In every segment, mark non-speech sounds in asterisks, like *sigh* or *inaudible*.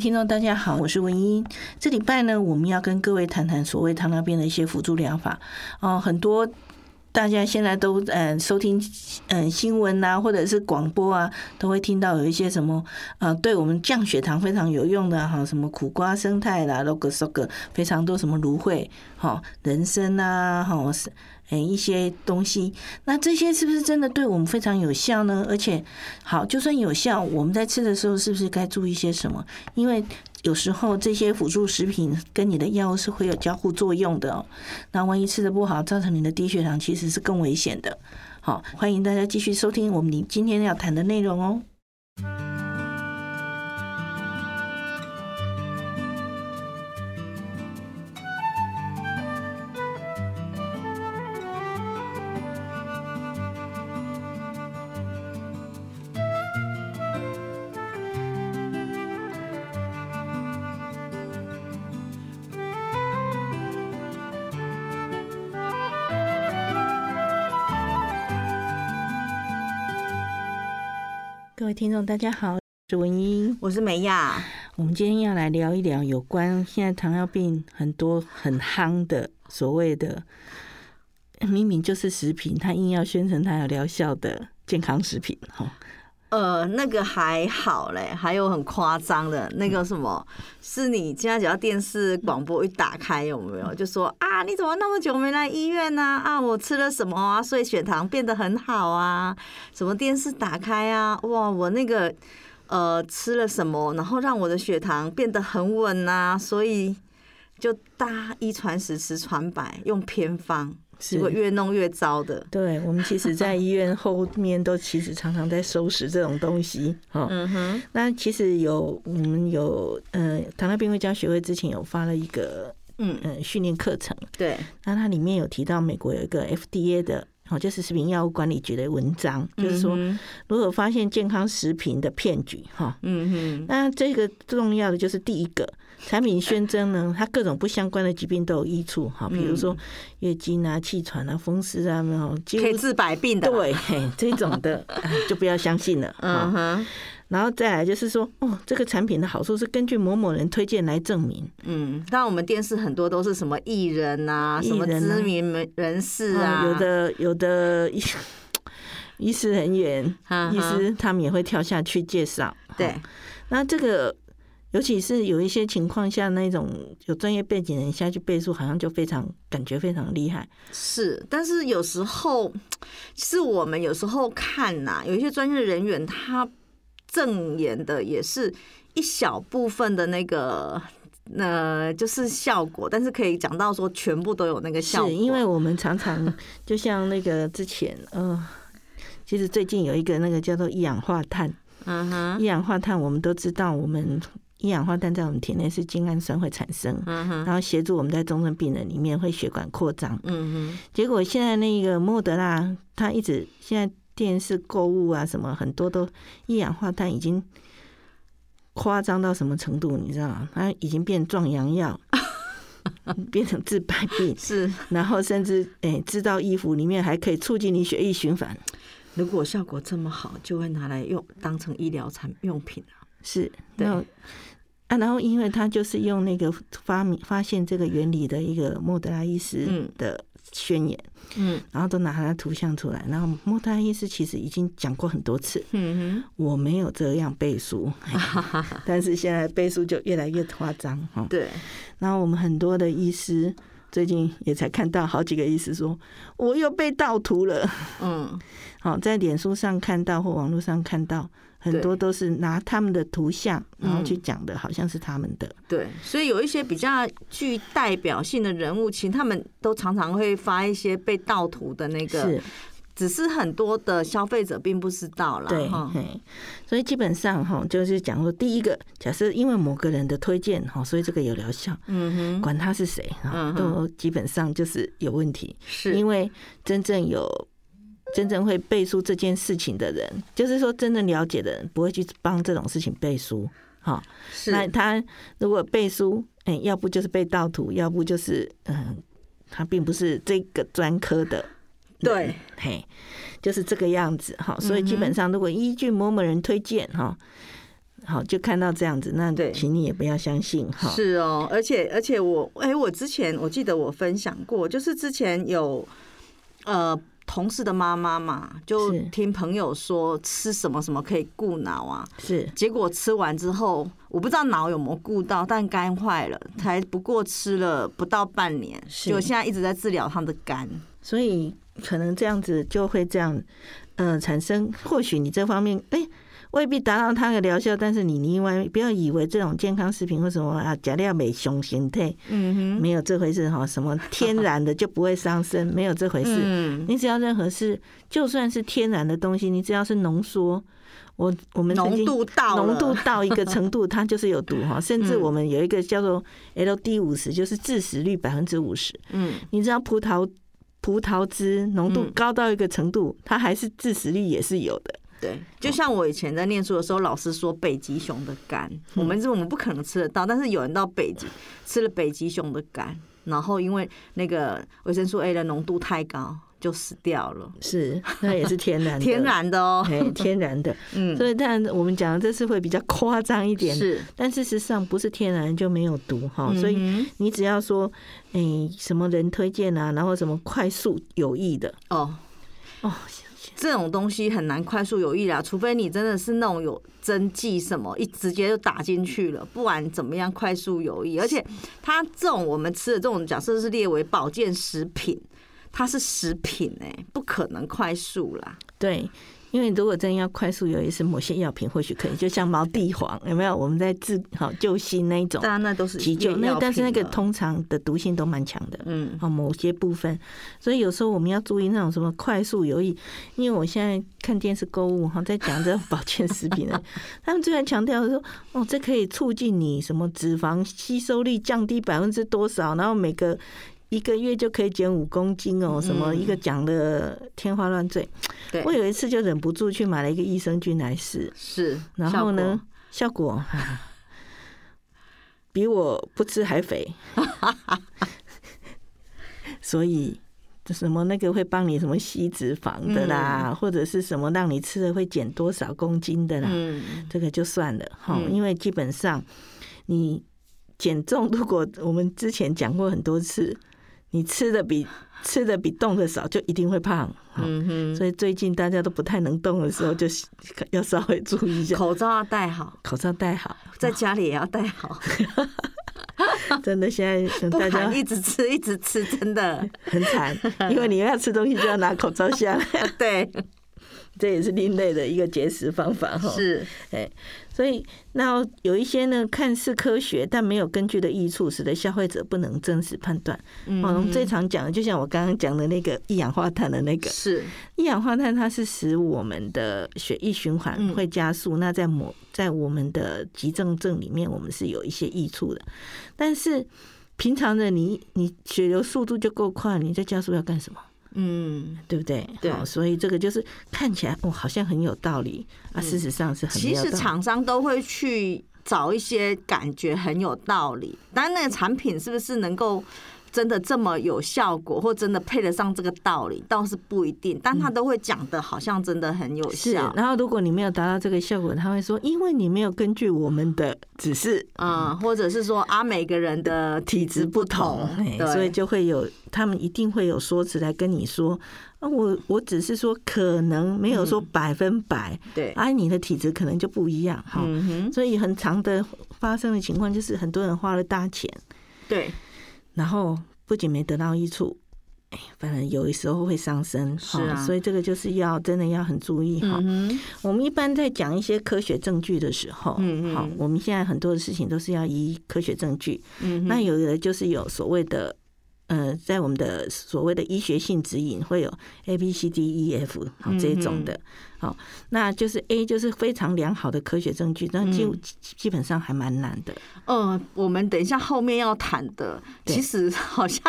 聽眾大家好，我是文音。這禮拜呢，我們要跟各位談談所謂糖尿病的一些輔助療法。哦，很多大家現在都呃、嗯、收聽嗯新聞吶、啊，或者是廣播啊，都會聽到有一些什麼啊對我們降血糖非常有用的哈，什麼苦瓜、生態啦、log sugar，非常多什麼蘆薈、哈人參吶、啊、哈、哦。誒、哎，一些東西，那這些是不是真的對我們非常有效呢？而且，好，就算有效，我們在吃的時候是不是該注意些什麼？因為有時候這些輔助食品跟你的藥物是會有交互作用的哦。那萬一吃得不好，造成你的低血糖，其實是更危險的。好，歡迎大家繼續收聽我們今天要談的內容哦。聽眾大家好，我是文音，我是美雅。我們今天要來聊一聊有關現在糖尿病很多很夯的所謂的，明明就是食品，它硬要宣稱它有療效的健康食品，呃，那個還好嘞，還有很誇張的那個什麼，是你家只要電視廣播一打開，有沒有就說啊，你怎麼那麼久沒來醫院啊啊，我吃了什麼，啊，所以血糖變得很好啊？什麼電視打開啊？哇，我那個呃吃了什麼，然後讓我的血糖變得很穩啊？所以就搭一傳十，十傳百，用偏方。是會越弄越糟的。對，我們其實，在醫院後面都其實常常在收拾這種東西。哈，嗯哼。那其實有，我們有，呃，糖尿病衛教學會之前有發了一個，嗯，訓練課程。對。那、啊、它裡面有提到，美國有一個 FDA 的，哦，就是食品藥物管理局的文章，就是說，如何發現健康食品的騙局，哈、哦，嗯哼。那、啊、這個重要的就是第一個。產品宣稱呢，它各種不相關的疾病都有益處哈，比如說月經啊、氣喘啊、風濕啊，沒有，幾乎可以治百病的，對這種的 *laughs* 就不要相信了、嗯哼啊。然後再來就是說，哦，這個產品的好處是根據某某人推薦來證明。嗯，那我們電視很多都是什麼藝人啊、人啊什麼知名人士啊，嗯、有的有的醫 *laughs* 醫師人員，嗯、哼醫師他們也會跳下去介紹。對、啊，那這個。尤其是有一些情況下，那種有專業背景的人下去背書，好像就非常感覺非常厲害。是，但是有時候，是我們有時候看吶、啊，有一些專業人員，他證言的也是一小部分的那個，那、呃、就是效果，但是可以講到說全部都有那個效果。是因為我們常常就像那個之前，嗯、 *laughs* 呃，其實最近有一個那個叫做一氧化碳，嗯哼、uh，huh. 一氧化碳我們都知道，我們。一氧化氮在我們體內是精氨酸會產生，uh huh. 然後協助我們在重症病人裡面會血管擴張。嗯哼、uh，huh. 結果現在那個莫德納，他一直現在電視購物啊什麼很多都一氧化碳已經誇張到什麼程度，你知道嗎？它已經變成壯陽藥， *laughs* 變成治百病 *laughs* 是，然後甚至誒制造衣服裡面還可以促進你血液循環。如果效果這麼好，就會拿來用當成醫療產用品了、啊。是對。啊，然後因為他就是用那個發明發現這個原理的一個莫德拉醫師的宣言，嗯，嗯，然後都拿他圖像出來。然後莫德拉醫師其實已經講過很多次，嗯哼，我沒有這樣背書，哎，哈哈哈哈，但是現在背書就越來越誇張，嗯、對，然後我們很多的醫師最近也才看到好幾個醫師說，我又被盜圖了，嗯，好、哦，在臉書上看到或網絡上看到。很多都是拿他們的圖像，然後去講的，嗯、好像是他們的。對，所以有一些比較具代表性的人物，其實他們都常常會發一些被盜圖的那個，是只是很多的消費者並不知道了。對，嗯、所以基本上哈，就是講說，第一個，假設因為某個人的推薦哈，所以這個有療效，嗯哼，管他是誰，都基本上就是有問題，是、嗯、哼因為真正有。真正會背書這件事情的人，就是說真正了解的人，不會去幫這種事情背書哈。是那他如果背書，哎、欸，要不就是被盜圖，要不就是嗯，他並不是這個專科的。對，嘿，就是這個樣子哈。嗯、哼所以基本上，如果依據某某人推薦哈、喔，好，就看到這樣子，那請你也不要相信哈。對喔、是哦、喔，而且而且我哎、欸，我之前我記得我分享過，就是之前有呃。同事的媽媽嘛，就聽朋友說吃什麼什麼可以顧腦啊。是，結果吃完之後，我不知道腦有沒有顧到，但肝壞了，才不過吃了不到半年，是就現在一直在治療他的肝，所以可能這樣子就會這樣，呃，產生或許你這方面，哎、欸。未必達到它的療效，但是你另外不要以為這種健康食品為什麼啊假料美胸心退，嗯哼，沒有這回事哈。什麼天然的就不會傷身，呵呵沒有這回事。你只要任何事，就算是天然的東西，你只要是濃縮，我我們濃度到濃 *laughs* 度到一個程度，它就是有毒哈。甚至我們有一個叫做 LD 五十，就是致死率百分之五十。嗯，你知道葡萄葡萄汁濃度高到一個程度，嗯、它還是致死率也是有的。對，就像我以前在念書的時候，老師說北極熊的肝，我們是我們不可能吃得到，但是有人到北極吃了北極熊的肝，然後因為那個維生素 A 的濃度太高，就死掉了。是，那也是天然的 *laughs* 天然的哦，對，天然的。 *laughs* 嗯，所以但我們講這次會比較誇張一點，是，但是事實上不是天然就沒有毒哈。嗯、哼所以你只要說，哎、欸，什麼人推薦啊，然後什麼快速有益的哦，哦。這種東西很難快速有益啦，除非你真的是那種有針劑什麼，一直接就打進去了。不管怎麼樣，快速有益。而且它這種我們吃的這種，假設是列為保健食品，它是食品誒、欸，不可能快速啦。對。因為如果真要快速有益，是某些藥品或許可以，就像毛地黃有沒有？我們在治好救心那一種，當然那都是急救那，但是那個通常的毒性都蠻強的。嗯，好，某些部分，所以有時候我們要注意那種什麼快速有益。因為我現在看電視購物哈，在講這種保健食品 *laughs* 他們居然強調說哦，這可以促進你什麼脂肪吸收率降低百分之多少，然後每個。一個月就可以減五公斤哦，什麼一個講得天花亂墜。嗯、我有一次就忍不住去買了一個益生菌來試，是，然後呢，效果，效果比我不吃還肥。 *laughs* *laughs* 所以什麼那個會幫你什麼吸脂肪的啦，嗯、或者是什麼讓你吃的會減多少公斤的啦，嗯、這個就算了。嗯、因為基本上你減重，如果我們之前講過很多次。你吃的比吃的比動的少，就一定會胖。嗯哼，所以最近大家都不太能動的時候，就要稍微注意一下，口罩要戴好，口罩戴好，在家裡也要戴好。好 *laughs* 真的，現在大家一直吃，一直吃，真的很慘慘， *laughs* 因為你要吃東西就要拿口罩下來。 *laughs* 對。這也是另類的一個節食方法哈，是，哎，所以那有一些呢，看似科學但沒有根據的益處，使得消費者不能真實判斷。我們、嗯嗯、最常講的，就像我剛剛講的那個一氧，氧化碳的那個，是一氧化碳，它是使我們的血液循環會加速。嗯、那在某在我們的急症症裡面，我們是有一些益處的，但是平常的你，你血流速度就夠快，你在加速要幹什麼？嗯，對不對？對、哦，所以這個就是看起來哦，好像很有道理啊。事實上是很有道理，很，其實廠商都會去找一些感覺很有道理，但那個產品是不是能夠？真的這麼有效果，或真的配得上這個道理，倒是不一定。但他都會講的，好像真的很有效。是。然後，如果你沒有達到這個效果，他會說：“因為你沒有根據我們的指示啊、嗯，或者是說啊，每個人的體質不同，不同、欸，所以就會有他們一定會有說辭來跟你說、啊、我我只是說可能沒有說百分百對，按、嗯啊、你的體質可能就不一樣。對”嗯哼。所以，很長的發生的情況就是，很多人花了大錢。對。然後不僅沒得到益處，哎，反而有的時候會傷身，是啊哦，所以這個就是要真的要很注意，哦嗯、哼我們一般在講一些科學證據的時候，嗯哼好，我們現在很多的事情，都是要依科學證據，嗯哼，那有的就是有所謂的。呃，在我們的所謂的醫學性指引會有 A、B、C、D、E、F 好這一種的，嗯、哼好，那就是 A 就是非常良好的科學證據，那基基本上還蠻難的。呃、嗯哦，我們等一下後面要談的，對其實好像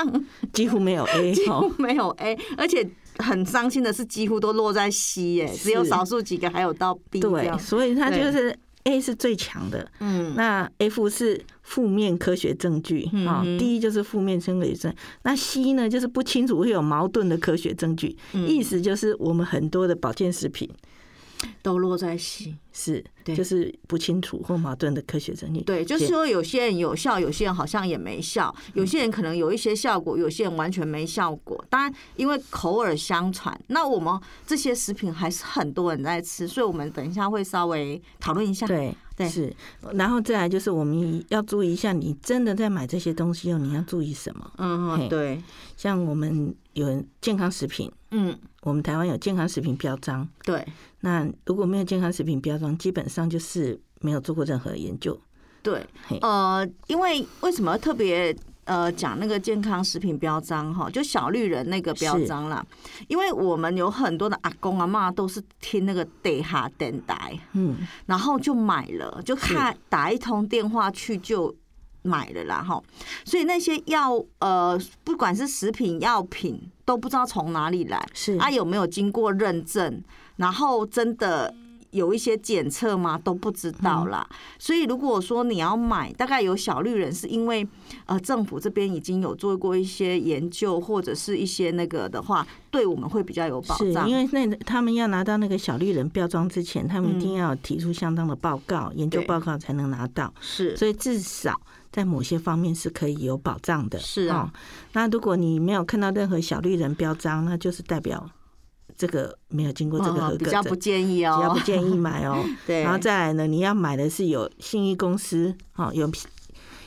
幾乎沒有 A，幾乎沒有 A，、哦、而且很傷心的是，幾乎都落在 C，、欸、是只有少數幾個還有到 B。對，所以他就是。A 是最強的，嗯，那 F 是負面科學證據啊，D 就是負面生理證，那 C 呢就是不清楚會有矛盾的科學證據，意思就是我們很多的保健食品。都落在心是，對，就是不清楚或矛盾的科學證據。對，就是說有些人有效，有些人好像也沒效，有些人可能有一些效果，有些人完全沒效果。當然，因為口耳相傳，那我們這些食品還是很多人在吃，所以我們等一下會稍微討論一下。對，對是，然後再來就是我們要注意一下，你真的在買這些東西哦，你要注意什麼？嗯嗯，對，像我們。有人健康食品，嗯，我們台灣有健康食品標章，對。那如果沒有健康食品標章，基本上就是沒有做過任何研究，對。嘿呃，因為為什麼特別呃講那個健康食品標章哈，就小綠人那個標章啦，是因為我們有很多的阿公阿媽都是聽那個地下電台，嗯，然後就買了，就看是打一通電話去就。買的啦，哈，所以那些藥呃，不管是食品藥品，都不知道從哪裡來，是啊，有沒有經過認證，然後真的有一些檢測嗎？都不知道啦。嗯、所以如果說你要買，大概有小綠人，是因為呃，政府這邊已經有做過一些研究或者是一些那個的話，對我們會比較有保障，是因為那他們要拿到那個小綠人標章之前，他們一定要提出相當的報告、嗯、研究報告才能拿到，對是，所以至少。在某些方面是可以有保障的，是啊、哦。那如果你沒有看到任何小綠人標章，那就是代表這個沒有經過這個合格證，哦，比較不建議哦，比較不建議買哦。 *laughs* 對，然後再來呢，你要買的是有信譽公司啊，哦，有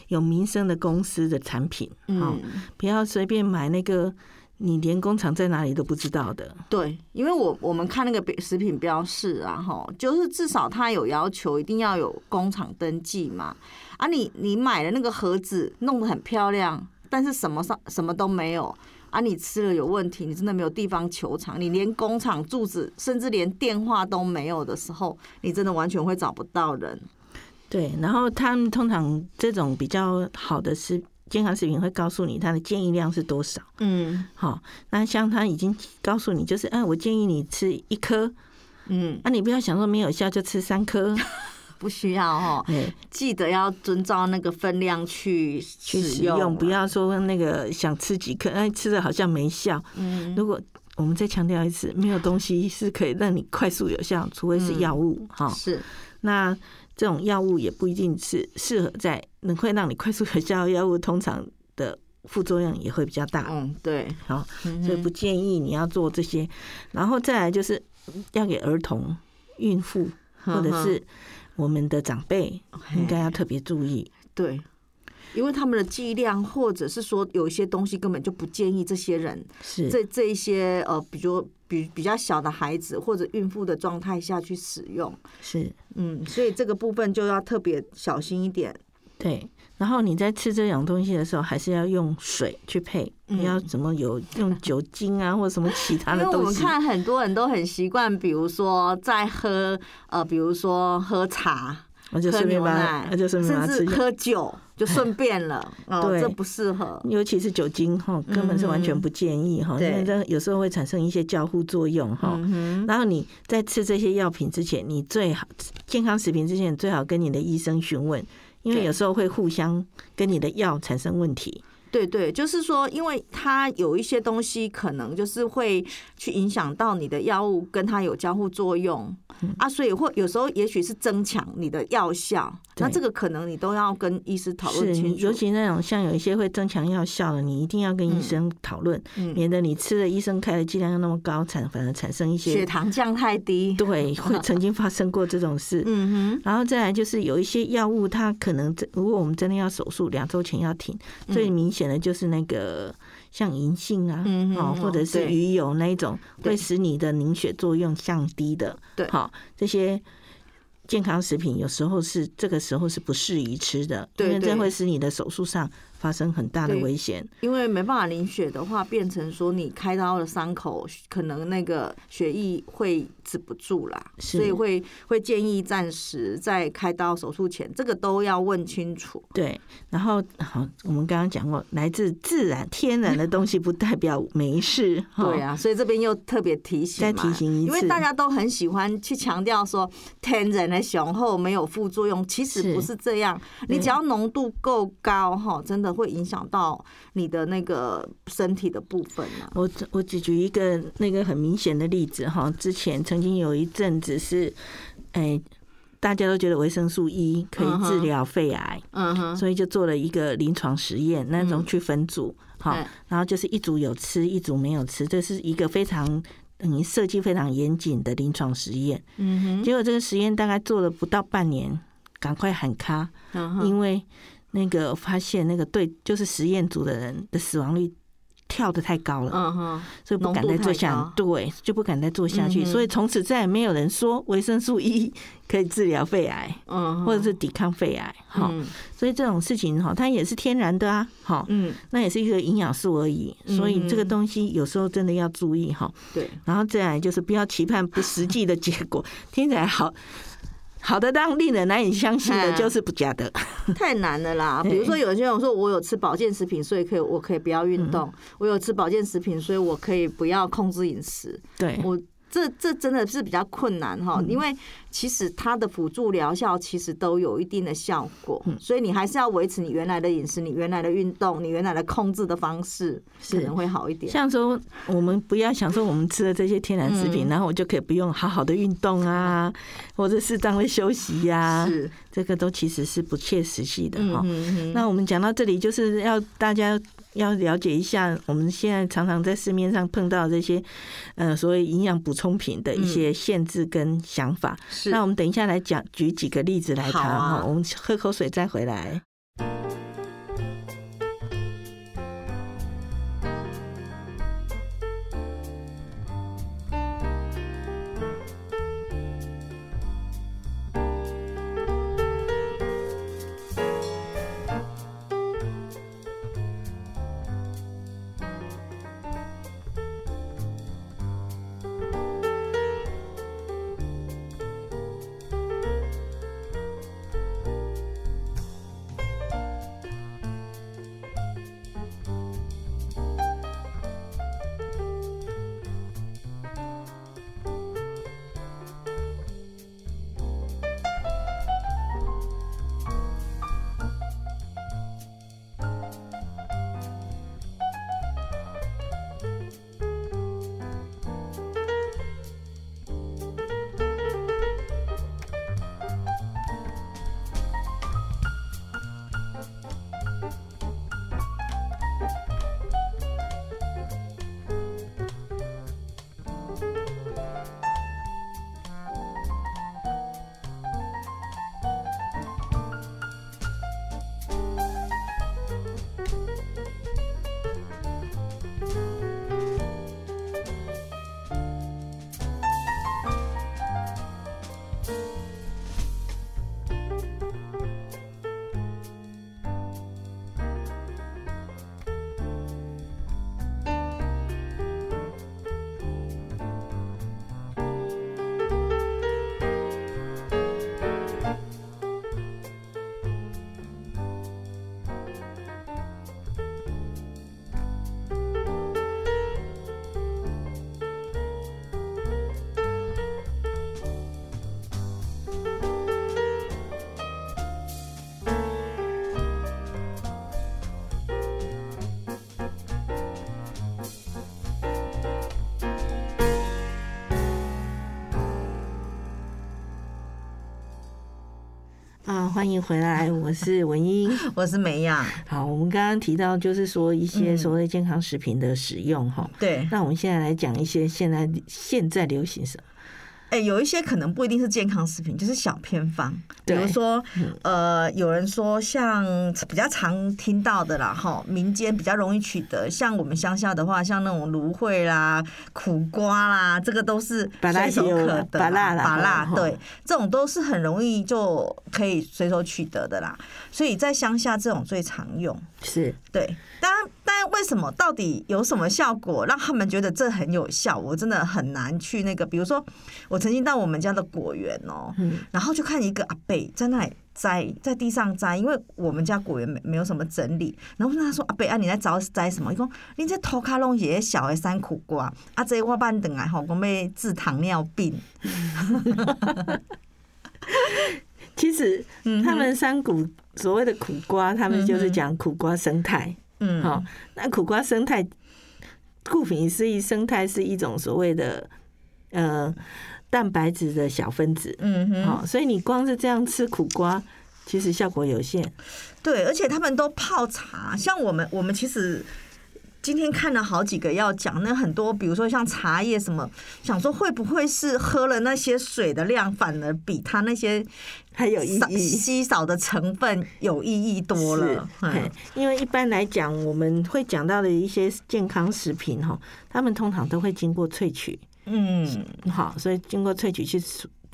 有名聲的公司的產品啊，不要隨便買那個你連工廠在哪裡都不知道的。對，因為我我們看那個食品標示啊，哈，就是至少它有要求，一定要有工廠登記嘛。啊你，你你買的那個盒子，弄得很漂亮，但是什麼上什麼都沒有。啊，你吃了有問題，你真的沒有地方求償，你連工廠住址，甚至連電話都沒有的時候，你真的完全會找不到人。對，然後他們通常這種比較好的是健康食品會告訴你他的建議量是多少。嗯，好，那像他已經告訴你，就是嗯、啊，我建議你吃一顆。嗯，啊，你不要想說沒有效就吃三顆。 *laughs* 不需要哦，對記得要遵照那個分量，去使去使用，不要說那個想吃幾顆，哎，吃的好像沒效。嗯，如果我們再強調一次，沒有東西是可以讓你快速有效，除非是藥物哈。嗯、齁是，那這種藥物也不一定是適合在能會讓你快速有效藥物，通常的副作用也會比較大。嗯，對，好，所以不建議你要做這些。嗯、然後再來就是要給兒童孕、孕婦、嗯、或者是。我們的長輩應該要特別注意，Okay, 對，因為他們的劑量，或者是說有一些東西根本就不建議這些人這，是這這一些呃，比如比比較小的孩子或者孕婦的狀態下去使用，是嗯，所以這個部分就要特別小心一點。 *laughs* 對，然後你在吃這樣東西的時候，還是要用水去配。嗯、你要怎麼有用酒精啊， *laughs* 或者什麼其他的東西？因為我們看很多人都很習慣，比如說在喝呃，比如說喝茶、喝牛奶，甚至喝酒就順便了。哎、哦，對這不適合，尤其是酒精哈、哦，根本是完全不建議哈，嗯嗯，因為這有時候會產生一些交互作用哈。對然後你在吃這些藥品之前，你最好健康食品之前最好跟你的醫生詢問。因為有時候會互相跟你的藥產生問題。對對，就是說，因為它有一些東西，可能就是會去影響到你的藥物，跟它有交互作用，嗯、啊，所以或有時候也許是增強你的藥效，對那這個可能你都要跟醫師討論清楚。尤其那種像有一些會增強藥效的，你一定要跟醫生討論，嗯、免得你吃了醫生開的劑量又那麼高，產反而產生一些血糖降太低。對，會曾經發生過這種事。 *laughs* 嗯哼，然後再來就是有一些藥物，它可能如果我們真的要手術，兩周前要停，最明顯，嗯。可能就是那個像銀杏啊，或者是魚油那一種，會使你的凝血作用降低的。對，好，這些健康食品有時候是這個時候是不適宜吃的，因為這會使你的手術上。發生很大的危險，因為沒辦法凝血的話，變成說你開刀的傷口可能那個血液會止不住啦，是所以會會建議暫時在開刀手術前，這個都要問清楚。對，然後好，我們剛剛講，過來自自然天然的東西，不代表沒事。 *laughs* 哦、對啊，所以這邊又特別提醒，再提醒一次，因為大家都很喜歡去強調說天然的雄厚沒有副作用，其實不是這樣。是你只要濃度夠高，哈、哦，真的。會影響到你的那個身體的部分呢？我我只舉一個那個很明顯的例子哈，之前曾經有一陣子是，哎，大家都覺得維生素 E 可以治療肺癌，uh huh. uh huh. 所以就做了一個臨床實驗，那種去分組，好，uh huh. 然後就是一組有吃，一組沒有吃，這是一個非常等於設計非常嚴謹的臨床實驗，嗯哼，uh huh. 結果這個實驗大概做了不到半年，趕快喊卡，uh huh. 因為。那個發現，那個對，就是實驗組的人的死亡率跳得太高了，嗯哼、uh，huh, 所以不敢再做下去，對，就不敢再做下去，uh huh. 所以從此再也沒有人說維生素 E 可以治療肺癌，嗯、uh，huh. 或者是抵抗肺癌，哈、uh huh.，所以這種事情哈，它也是天然的啊，哈，嗯、uh，huh. 那也是一個營養素而已，所以這個東西有時候真的要注意哈，對、uh，huh. 然後再來就是不要期盼不實際的結果，uh huh. 聽起來好。好的，當令人難以相信的就是不假的，嗯、太難了啦。 *laughs* 比如說，有些人說我有吃保健食品，所以可以，我可以不要運動；嗯、我有吃保健食品，所以我可以不要控制飲食。對，我這這真的是比較困難哈，因為、嗯。其實它的輔助療效其實都有一定的效果，嗯、所以你還是要維持你原來的飲食、你原來的運動、你原來的控制的方式，是會好一點。像說我們不要想說我們吃了這些天然食品，嗯、然後我就可以不用好好的運動啊，或者適當的休息呀、啊，是這個都其實是不切實際的哈。嗯、哼哼那我們講到這裡，就是要大家要了解一下，我們現在常常在市面上碰到這些，呃，所謂營養補充品的一些限制跟想法。那我們等一下來講，舉幾個例子來談。好啊，我們喝口水再回來。歡迎回來，我是文音， *laughs* 我是美雅。好，我們剛剛提到就是說一些所謂健康食品的使用哈，對、嗯。吼那我們現在來講一些現在現在流行什麼？哎、欸，有一些可能不一定是健康食品，就是小偏方。對比如說，呃，有人說像比較常聽到的啦，哈，民間比較容易取得，像我們鄉下的話，像那種蘆薈啦、苦瓜啦，這個都是隨手可得、芭樂啦、芭樂，對，嗯、這種都是很容易就可以隨手取得的啦。所以在鄉下這種最常用。是對，但但為什麼到底有什麼效果，讓他們覺得這很有效？我真的很難去那個。比如說，我曾經到我們家的果園哦、喔，嗯、然後就看一個阿伯在那裡摘，在地上摘，因為我們家果園沒沒有什麼整理。然後他說：“阿伯，啊，你在找摘什麼？”你說：“你這土卡弄也小的山苦瓜，啊，這個，我辦等啊，好，我妹治糖尿病。嗯” *laughs* 其實，他們三股所謂的苦瓜，他們就是講苦瓜勝肽。嗯哼，好，喔，那苦瓜勝肽，顧名思義，胜肽是一種所謂的呃蛋白質的小分子。嗯哼，喔，所以你光是這樣吃苦瓜，其實效果有限。對，而且他們都泡茶，像我們，我們其實。今天看了好幾個要講，那很多比如說像茶葉什麼，想說會不會是喝了那些水的量，反而比它那些還有一些稀少的成分有意義多了。嗯，因為一般來講，我們會講到的一些健康食品哈，他們通常都會經過萃取，嗯，好，所以經過萃取去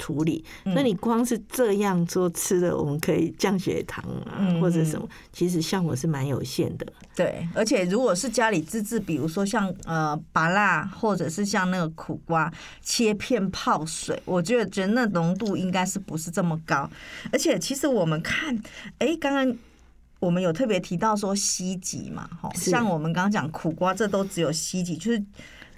處理，那你光是這樣做吃的，我們可以降血糖啊，嗯、或者什麼，其實效果是蠻有限的。對，而且如果是家裡自制，比如說像呃，芭樂，或者是像那個苦瓜切片泡水，我覺得覺得那濃度應該是不是這麼高。而且其實我們看，哎、欸，剛剛我們有特別提到說西棘嘛，齁，是像我們剛剛講苦瓜，這都只有西棘，就是。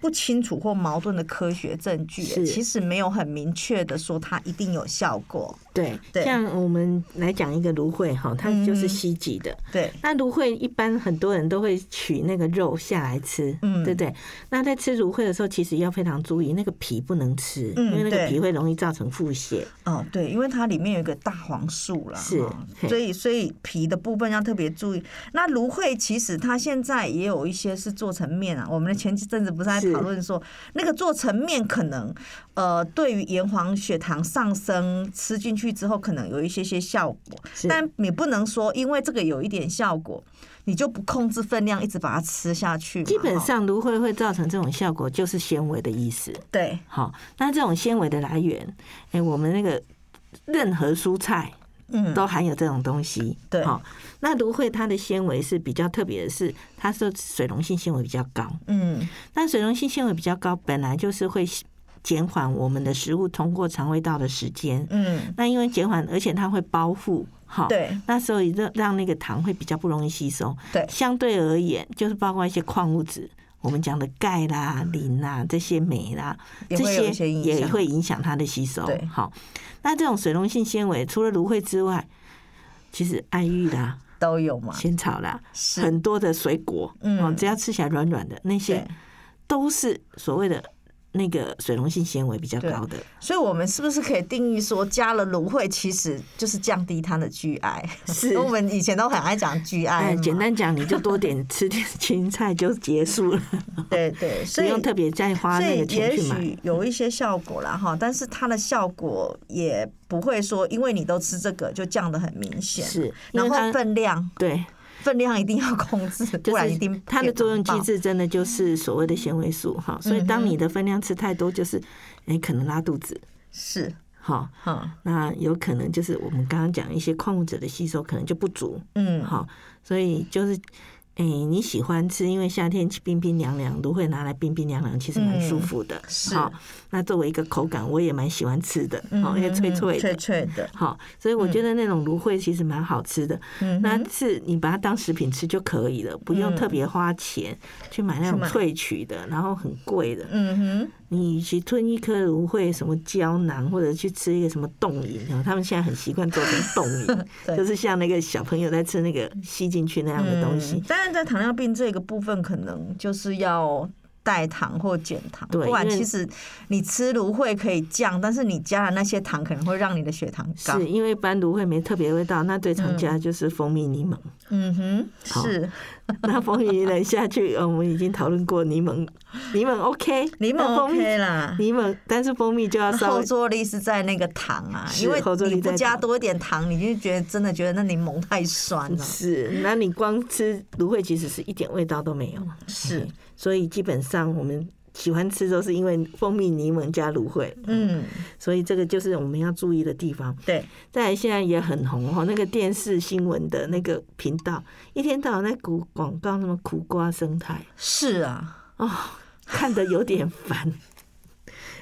不清楚或矛盾的科學證據，是其實沒有很明確的說它一定有效果。對，對，像我們來講一個蘆薈哈，它就是西級的。對、嗯，那蘆薈一般很多人都會取那個肉下來吃，嗯、對，對對。那在吃蘆薈的時候，其實要非常注意那個皮不能吃，嗯、因為那個皮會容易造成腹瀉、嗯。哦，對，因為它裡面有一個大黃素了，是，所以所以皮的部分要特別注意。那蘆薈其實它現在也有一些是做成麵啊，我們的前幾陣子不是在。討論說，那個做成麵可能，呃，對於延緩血糖上升，吃進去之後可能有一些些效果，是但你不能說因為這個有一點效果，你就不控制分量，一直把它吃下去。基本上，蘆薈好對會造成這種效果，就是纖維的意思。對，好，那這種纖維的來源，哎、欸，我們那個任何蔬菜，嗯，都含有這種東西。嗯、對，好。那蘆薈它的纖維是比較特別的是，它是水溶性纖維比較高。嗯，那水溶性纖維比較高，本來就是會減緩我們的食物通過腸胃道的時間。嗯，那因為減緩，而且它會包覆，好對，好，那所以讓那個糖會比較不容易吸收。對，相對而言，就是包括一些礦物質，我們講的鈣啦、磷啦，這些鎂啦，這些也會影響它的吸收。對，好，那這種水溶性纖維除了蘆薈之外，其實愛玉的。都有嘛？仙草啦，是很多的水果，嗯，只要吃起來軟軟的，那些都是所謂的。那個水溶性纖維比較高的，所以我們是不是可以定義說，加了蘆薈其實就是降低它的 GI？是，因為我們以前都很愛講 GI。哎，簡單講，你就多點 *laughs* 吃點青菜就結束了。對對，不用特別再花那個錢去買。所以也許有一些效果啦。哈，但是它的效果也不會說，因為你都吃這個，就降得很明顯。是，然後分量對。分量一定要控制，就是它的作用機制真的就是所謂的纖維素哈。嗯、哼所以當你的分量吃太多，就是誒、欸、可能拉肚子，是好、嗯、那有可能就是我們剛剛講一些礦物質的吸收可能就不足，嗯，好。所以就是誒、欸、你喜歡吃，因為夏天冰冰涼涼，都會拿來冰冰涼涼，其實蠻舒服的，是、嗯。好那作為一個口感，我也蠻喜歡吃的，嗯，嗯，因為脆脆的，脆脆的，好、哦，所以我覺得那種蘆薈其實蠻好吃的。嗯，那是你把它當食品吃就可以了，嗯、不用特別花錢去買那種萃取的，嗎然後很貴的。嗯哼，你去吞一顆蘆薈什麼膠囊，或者去吃一個什麼凍飲啊？他們現在很習慣做成凍飲， *laughs* 對就是像那個小朋友在吃那個吸進去那樣的東西。當然、嗯，但在糖尿病這個部分，可能就是要。代糖或減糖，不管其實你吃蘆薈可以降，但是你加的那些糖可能會讓你的血糖高。是因為班蘆薈沒特別味道，那最常加就是蜂蜜檸檬。嗯哼，是那蜂蜜一來下去，我們已經討論過檸檬，檸檬 OK，檸檬 OK 啦，檸檬，但是蜂蜜就要少，後坐力是在那個糖啊，因為你不加多一點糖，你就覺得真的覺得那檸檬太酸了。是，那你光吃蘆薈其實是一點味道都沒有。是。所以基本上我們喜歡吃都是因為蜂蜜檸檬加蘆薈，嗯，所以這個就是我們要注意的地方。對，再來現在也很紅哈、哦，那個電視新聞的那個頻道，一天到晚那鼓廣告什麼苦瓜勝肽，是啊，哦，看得有點煩。 *laughs*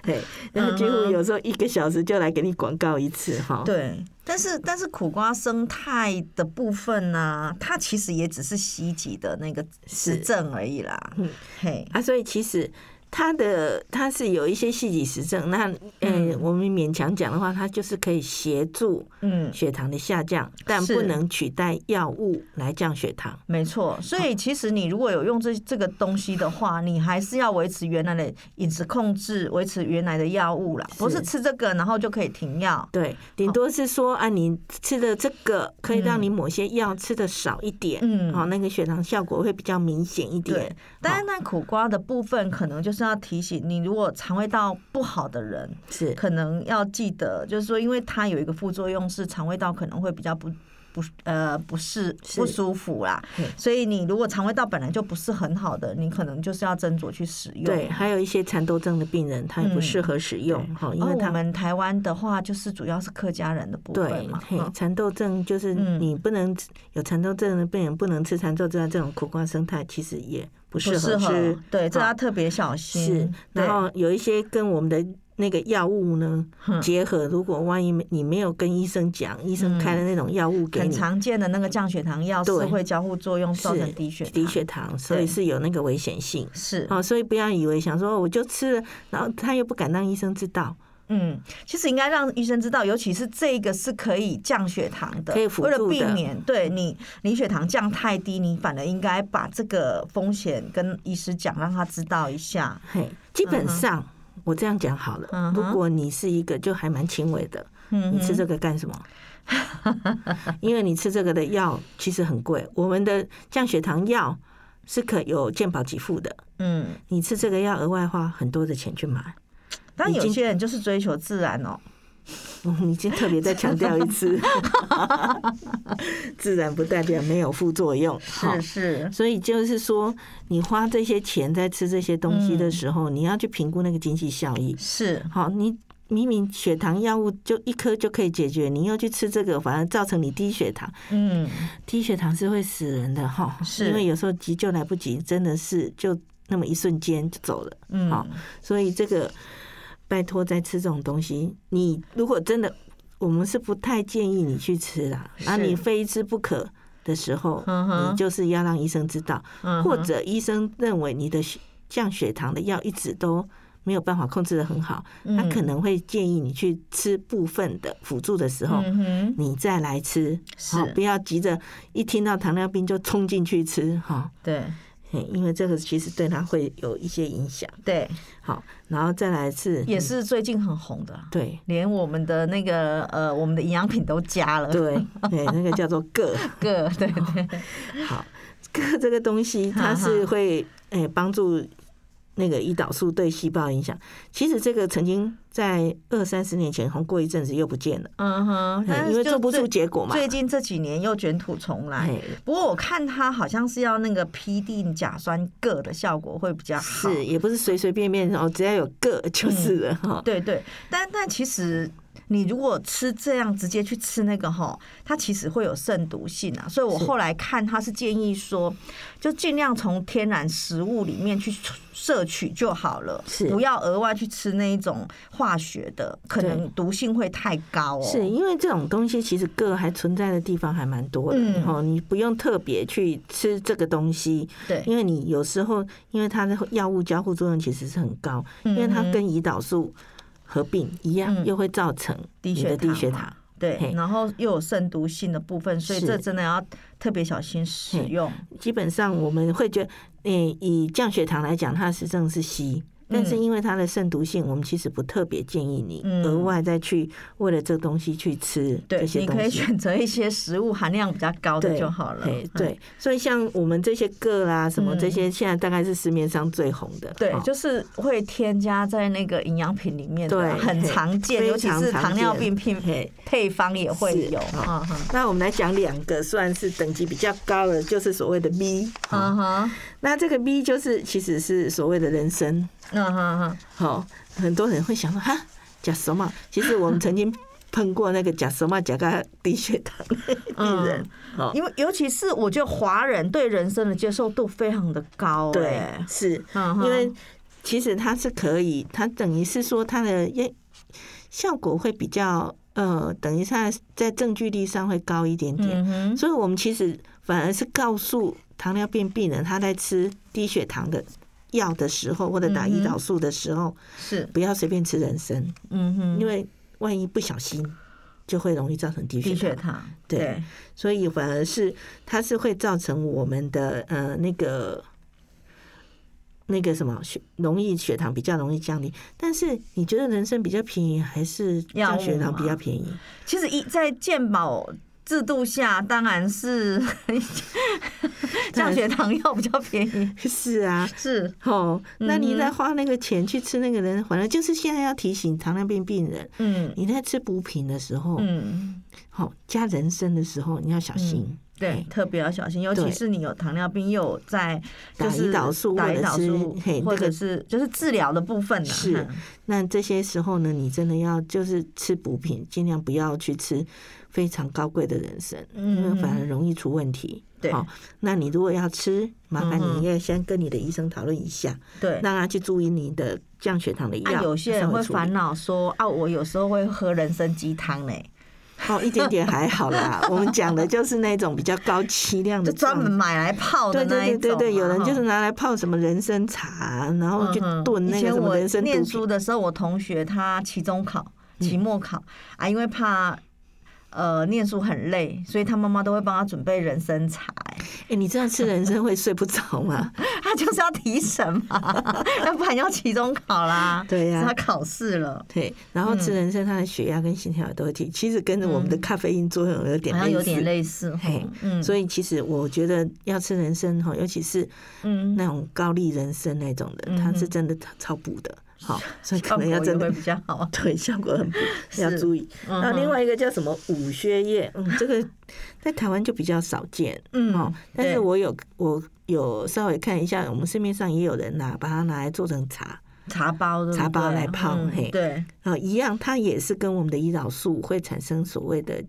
對，然後幾乎有時候一個小時就來給你廣告一次，哈、嗯。齁對，但是但是苦瓜生態的部分呢、啊，它其實也只是西集的那個實證而已啦。嗯，嘿對，啊，所以其實。它的他是有一些細胞實證，那嗯，我們勉強講的話，它就是可以協助嗯血糖的下降，但不能取代藥物來降血糖。沒錯，所以其實你如果有用這這個東西的話，你還是要維持原來的飲食控制，維持原來的藥物啦。不是吃這個然後就可以停藥。對，頂多是說啊，你吃的這個可以讓你某些藥吃的少一點，嗯，那個血糖效果會比較明顯一點。但是那苦瓜的部分可能就是。是要提醒你，如果腸胃道不好的人是可能要記得，就是說，因為它有一個副作用，是腸胃道可能會比較不不呃不適是不舒服啦。是所以你如果腸胃道本來就不是很好的，你可能就是要斟酌去使用。對，還有一些蠶豆症的病人，他也不適合使用、嗯、因為他們台灣的話，就是主要是客家人的部分嘛。蠶豆症就是你不能、嗯、有蠶豆症的病人不能吃蠶豆症這種苦瓜勝肽，其實也。不是，是，對，這要特別小心、哦。是，然後有一些跟我們的那個藥物呢對結合，如果萬一你沒有跟醫生講，醫生開的那種藥物給你，嗯、很常見的那個降血糖藥是會交互作用，造成低血糖低血糖，所以是有那個危險性。是對哦，所以不要以為想說我就吃了，然後他又不敢讓醫生知道。嗯，其實應該讓醫生知道，尤其是這個是可以降血糖的，可以輔助的。為了避免，對你你血糖降太低，你反而應該把這個風險跟醫師講，讓他知道一下。嘿，基本上、uh huh. 我這樣講好了，uh huh. 如果你是一個就還蠻輕微的，uh huh. 你吃這個幹什麼？ *laughs* 因為你吃這個的藥其實很貴，我們的降血糖藥是可有健保給付的，嗯、uh huh. 你吃這個藥額外花很多的錢去買。但有些人就是追求自然哦，你今天特別再強調一次， *laughs* *laughs* 自然不代表沒有副作用。是是，所以就是說，你花這些錢在吃這些東西的時候，嗯、你要去評估那個經濟效益。是好，你明明血糖藥物就一顆就可以解決，你又去吃這個，反而造成你低血糖。嗯，低血糖是會死人的哈，是因為有時候急救來不及，真的是就那麼一瞬間就走了。嗯好，所以這個。拜託，再吃這種東西，你如果真的，我們是不太建議你去吃啦，那是、啊、你非吃不可的時候，嗯、哼你就是要讓醫生知道，嗯、哼或者醫生認為你的降血糖的藥一直都沒有辦法控制得很好，嗯、他可能會建議你去吃部分的輔助的時候，嗯、哼你再來吃。是好，不要急着一聽到糖尿病就衝進去吃。好，對。因為這個其實對他會有一些影響。對，好，然後再來一次，也是最近很紅的。嗯、對，連我們的那個呃，我們的營養品都加了。對， *laughs* 對，那個叫做鉻，鉻，對對，對。好，鉻這個東西，它是會哎幫助。那個胰島素對細胞影響，其實這個曾經在二三十年前紅過一陣子，又不見了。嗯哼，因為做不出結果嘛。最近這幾年又卷土重來，嘿不過我看他好像是要那個吡啶甲酸鉻的效果會比較好，是也不是隨隨便便，然後只要有鉻就是了，嗯、對對，但但其實。你如果吃這樣直接去吃那個哈，它其實會有腎毒性啊。所以我後來看他是建議說，就尽量從天然食物裡面去攝取就好了，是，不要額外去吃那一種化學的，可能毒性會太高哦。是，因為這種東西其實個還存在的地方還蠻多的哦，嗯，你不用特別去吃這個東西。對，因為你有時候因為它的藥物交互作用其實是很高，因為它跟胰島素。合併一樣，又會造成低血低血糖，嗯、血糖對，對然後又有腎毒性的部分，是所以這真的要特別小心使用。基本上我們會覺得，嗯、誒以降血糖來講，它實證是 C。但是因為它的腎毒性，我們其實不特別建議你額外再去為了這東西去吃這些東西。你可以選擇一些食物含量比較高的就好了。對，對，所以像我們這些個啊，什麼這些，現在大概是市面上最紅的。對，就是會添加在那個營養品裡面的，對，很常見，尤其是糖尿病配配方也會有。那我們來講兩個，算是等級比較高的，就是所謂的蜜。那這個蜜就是其實是所謂的人參。嗯哼哼，好， *noise* 很多人會想說哈假什麼，其實我們曾經碰過那個假什麼，假個低血糖病人，好、嗯，因為尤其是我覺得華人對人參的接受度非常的高、欸，對，是，因為其實它是可以，它等於是說它的效果會比較呃，等於是在證據力上會高一點點，嗯、哼所以我們其實反而是告訴糖尿病病人他在吃低血糖的藥的時候或者打胰島素的時候、嗯哼，是不要隨便吃人參，嗯、因為萬一不小心就會容易造成血低血糖。對，對所以反而是它是會造成我們的呃那個那個什麼血，容易血糖比較容易降低。但是你覺得人參比較便宜，還是降血糖比較便宜？啊、其實一在健保。制度下當然是降血糖藥比較便宜。是啊，是哦。那你在花那個錢去吃那個人，反正就是現在要提醒糖尿病病人，嗯，你在吃補品的時候，嗯，哦，加人參的時候你要小心。對，特別要小心，尤其是你有糖尿病，又有在就是打胰島素、打胰島素或者是就是治療的部分呢。是，那這些時候呢，你真的要就是吃補品，盡量不要去吃。非常高貴的人參，嗯，反而容易出問題。對、嗯哼哦，那你如果要吃，麻煩你也先跟你的醫生討論一下。對、嗯哼，讓他去注意你的降血糖的藥、啊。有些人會煩惱說啊，我有時候會喝人參雞湯呢，好、哦、一點點還好啦。 *laughs* 我們講的就是那種比較高劑量的，就專門買來泡的那一種。對對對對，有人就是拿來泡什麼人參茶，嗯、哼然後去燉那些。我念書的時候，我同學他期中考、期末考啊，因為怕。呃，念書很累，所以他媽媽都會幫他準備人參茶、欸。哎、欸，你知道吃人參會睡不着嗎？ *laughs* 他就是要提神嘛， *laughs* 要不然要期中考啦，對呀、啊，他考試了。對，然後吃人參，他的血壓跟心跳也都會提，嗯、其實跟着我們的咖啡因作用有點類似，有點類似。嗯、類似嘿，嗯，所以其實我覺得要吃人參哈，尤其是嗯那種高麗人參那種的，嗯、它是真的超補的。好，所以可能要真的，對腿效果很好，要注意。那另外一個叫什麼武靴葉，這個在台灣就比較少見，嗯，但是我有我有稍微看一下，我們市面上也有人拿，把它拿來做成茶，茶包，茶包來泡，對，一樣，它也是跟我們的胰島素會產生所謂的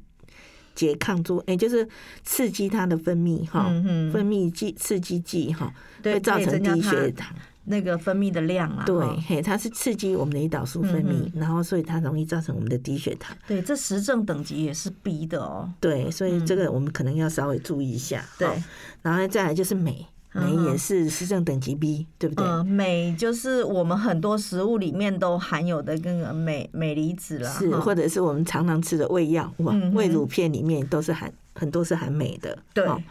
拮抗作用，哎，就是刺激它的分泌，哈，分泌劑，刺激劑，哈，會造成低血糖。那個分泌的量啊，對，嘿，它是刺激我們的胰島素分泌，嗯、哼然後所以它容易造成我們的低血糖。對，這實證等級也是 B 的哦。對，所以這個我們可能要稍微注意一下。對、嗯哼哦，然後再來就是鎂，鎂也是實證等級 B，、嗯、哼對不對？鎂、呃、就是我們很多食物裡面都含有的那個鎂鎂離子啦，是或者是我們常常吃的胃藥，胃胃乳片裡面都是含、嗯、哼很多是含鎂的，對。哦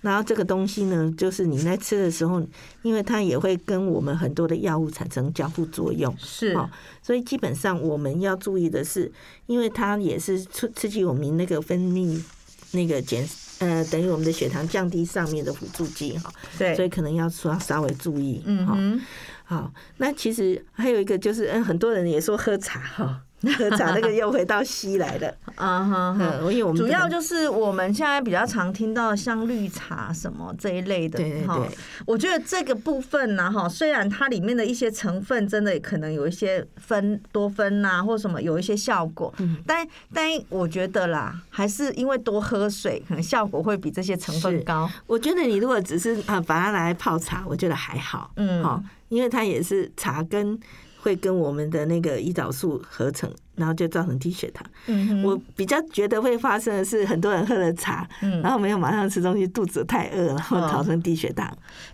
然後這個東西呢，就是你在吃的時候，因為它也會跟我們很多的藥物產生交互作用，是啊、哦，所以基本上我們要注意的是，因為它也是刺刺激我們那個分泌那個減呃等於我們的血糖降低上面的輔助劑哈，哦、對所以可能要說稍微注意，哦、嗯嗯，好、哦，那其實還有一個就是，嗯，很多人也說喝茶哈。那 *laughs* 茶那個又回到西來的。啊哈，我以我們主要就是我們現在比較常聽到像綠茶什麼這一類的，哈，我覺得這個部分呢，哈，雖然它裡面的一些成分真的可能有一些酚多酚吶，或什麼有一些效果，但但我覺得啦，還是因為多喝水，可能效果會比這些成分高。我覺得你如果只是啊把它拿來泡茶，我覺得還好，嗯，好，因為它也是茶根，會跟我們的那個胰島素合成，然後就造成低血糖。嗯、哼我比較覺得會發生的是，很多人喝了茶，嗯、然後沒有馬上吃東西，肚子太餓然後造成低血糖。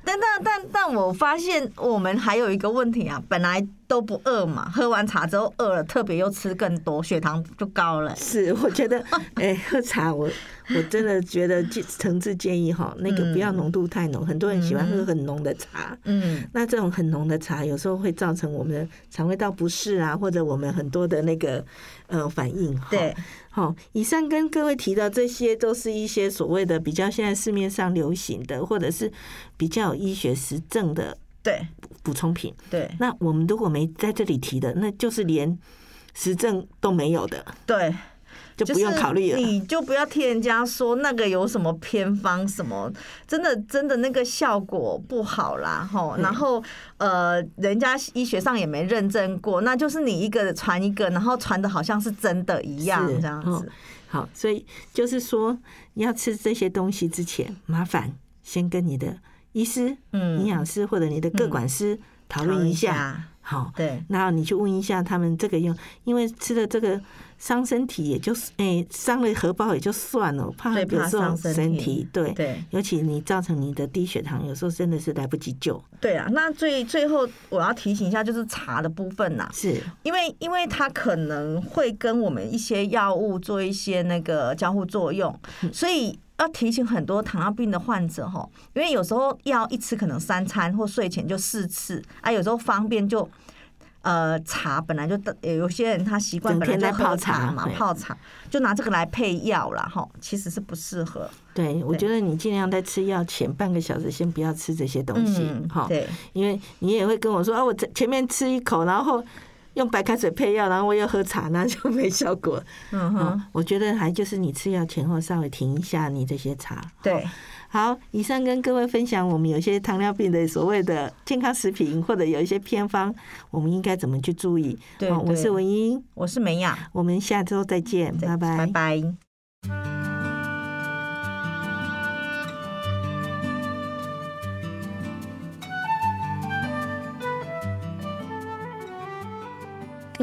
但、嗯、但但但我發現我們還有一個問題啊，本來。都不餓嘛？喝完茶之後餓了，特別又吃更多，血糖就高了、欸。是，我覺得哎、 *laughs* 欸，喝茶我我真的覺得層次建議哈， *laughs* 那個不要濃度太濃。很多人喜歡喝很濃的茶，嗯， *laughs* 那這種很濃的茶有時候會造成我們的腸胃道不適啊，或者我們很多的那個呃反應。對，以上跟各位提到這些都是一些所謂的比較現在市面上流行的，或者是比較有醫學實證的，對。補充品，對。那我們如果沒在這裡提的，那就是連實證都沒有的，對，就不用考慮了。就你就不要聽人家說那個有什麼偏方什麼，真的真的那個效果不好啦，吼。對然後呃，人家醫學上也沒認證過，那就是你一個傳一個，然後傳的好像是真的一樣是這樣子。好，所以就是說，你要吃這些東西之前，麻煩先跟你的。醫師、營養師或者你的個管師討論一下，嗯嗯、一下好。對，然後你去問一下他們這個用，因為吃了這個傷身體，也就哎傷、欸、了荷包也就算了，怕怕傷身體對對，對尤其你造成你的低血糖，有時候真的是來不及救。對啊，那最最後我要提醒一下，就是茶的部分吶、啊，是因為因為它可能會跟我們一些藥物做一些那個交互作用，嗯、所以。要提醒很多糖尿病的患者哈，因為有時候藥一吃可能三餐或睡前就四次啊，有時候方便就，呃，茶本來就有些人他習慣天天在泡茶嘛，泡茶，對，就拿這個來配藥了哈，其實是不適合。對，我覺得你儘量在吃藥前半個小時先不要吃這些東西哈，嗯，對，因為你也會跟我說啊，我前面吃一口，然後。用白開水配藥，然後我又喝茶，那就沒效果。嗯哼、哦，我覺得還就是你吃藥前後稍微停一下，你這些茶。對、哦，好，以上跟各位分享我們有些糖尿病的所謂的健康食品，或者有一些偏方，我們應該怎麼去注意？對,對,對、哦，我是文音，我是美雅，我們下周再見，對拜拜，拜拜。